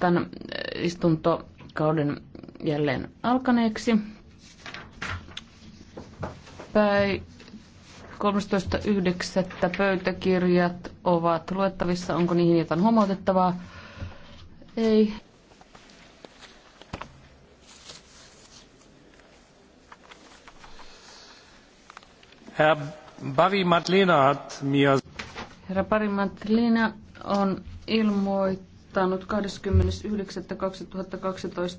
tämän äh, istuntokauden jälleen alkaneeksi. Päi 13.9. pöytäkirjat ovat luettavissa. Onko niihin jotain huomautettavaa? Ei. Herra Barry Matlina on ilmoittanut, ottanut 29.2012